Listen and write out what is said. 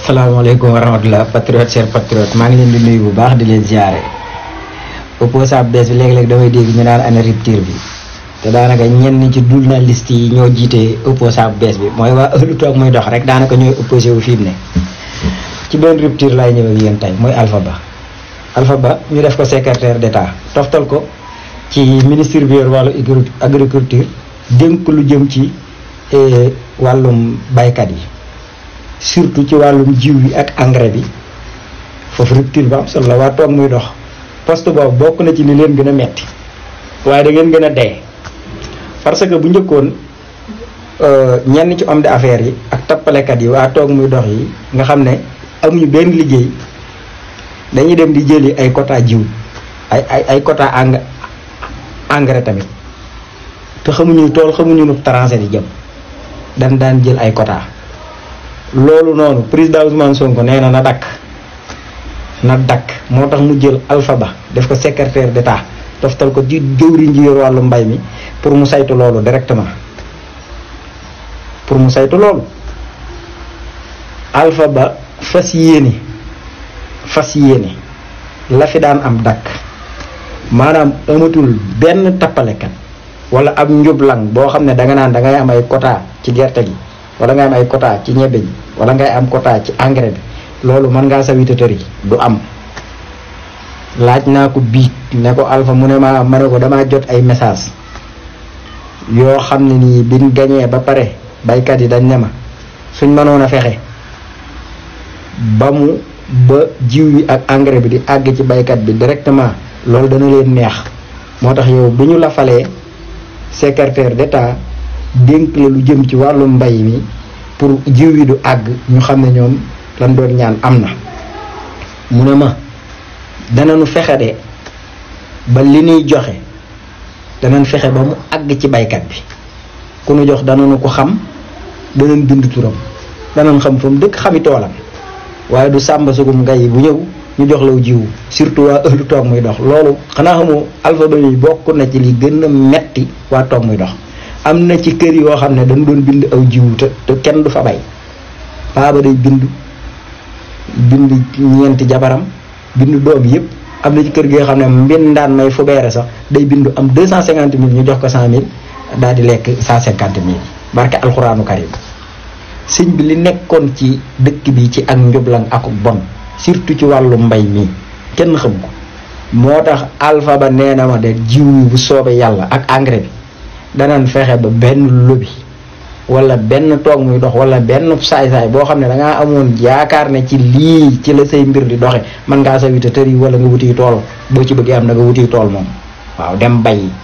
salaamaaleykum wa la patriote cher patriote maa ngi leen di nuyu bu baax di leen ziare opposant bees bi léeg-léeg damay dégg ñu naan ana rupture bi te daanaka ñenn ci journaliste yi ñoo jiite opposant bees bi mooy waa ëllu toog muy dox rek daanaka ñooy opposé wu fi mu ne ci benn rupture laay ñëw ak yéen tey mooy Alpha Ba Alpha Ba ñu def ko secrétaire d'État toftal ko ci ministre bi yor wàllu agriculture dénk lu jëm ci eh, wàllum baykat yi surtout ci wàllum jiw yi ak engrais bi foofu rupture bu la waa toog muy dox poste boobu bokk na ci li leen gën a metti waaye da ngeen gën a dee parce que bu njëkkoon euh, ñenn ci homme d'affaires yi ak tappalekat yi waa toog muy dox yi nga xam ne amuñu benn liggéey dañuy dem di jëli ay quota jiw ay ay ay quota engrais tamit te xamuñu tool xamuñu nu trancé di jëm dan daan jël ay quota Lolo non président Ousmane Sonko néna na dak na dak motax mu jël Alpha Ba def ko secrétaire d'état toftal ko di lolo, ji yor walu mbay mi pour mu saytu loolu directement pour mu saytu loolu Alpha Ba fas yéene fas yéene la fi daan am dak manam amatul wala ab njublang naan ngay am ay quota ci gi wala nga am ay quota ci ñebbe ji wala ngay am quota ci engrais bi loolu man nga sa du am laaj naa ko biig ne ko alpha mu ne ma ma ne ko dama jot ay message yoo xam ne nii biñ gañee ba pare baykat yi dañ ne ma suñ mënoon a fexe ba mu ba jiw yi ak engrais bi di àgg ci baykat bi directement loolu dana leen neex moo tax yow bu la falee secrétaire d'état dénk la lu jëm ci wàllu mbay mi pour jiw yi du àgg ñu xam ne ñoom lan doon ñaan am na mu ne ma danañu fexe de ba li ñuy joxe danañ fexe ba mu àgg ci baykat bi ku nu jox danañu ko xam danañ bind turam danañ xam fa mu dëkk xami toolam waaye du sàmba sugum ngay bu ñëw ñu jox law jiw surtout waa ëllu toog muy dox loolu xanaa xamu alphabet yi bokk na ci li gën a metti waa toog muy dox am na ci kër yoo xam ne dañ doon bind aw jiwu te kenn du fa bay baaba day bind bind ñeenti jabaram bind doom yëpp am na ci kër gi xam ne mbindaan may fu sax day bindu am deux cent cinquante mille ñu jox ko cent mille daal di lekk cent cinquante mille barke alxuraanu karim sëñ bi li nekkoon ci dëkk bi ci ak njublan ak bon surtout ci wàllu mbay mi kenn xam ko moo tax alpha ba nee na ma de jiw bu soobee yàlla ak engrais bi danañ fexe ba benn lobby wala benn toog muy dox wala benn saay-saay boo xam ne da ngaa amoon yaakaar ne ci lii ci la say mbir di doxe mën ngaa sa wita tër yi wala nga wuti tool boo ci bëggee am na nga wuti tool moom waaw dem bay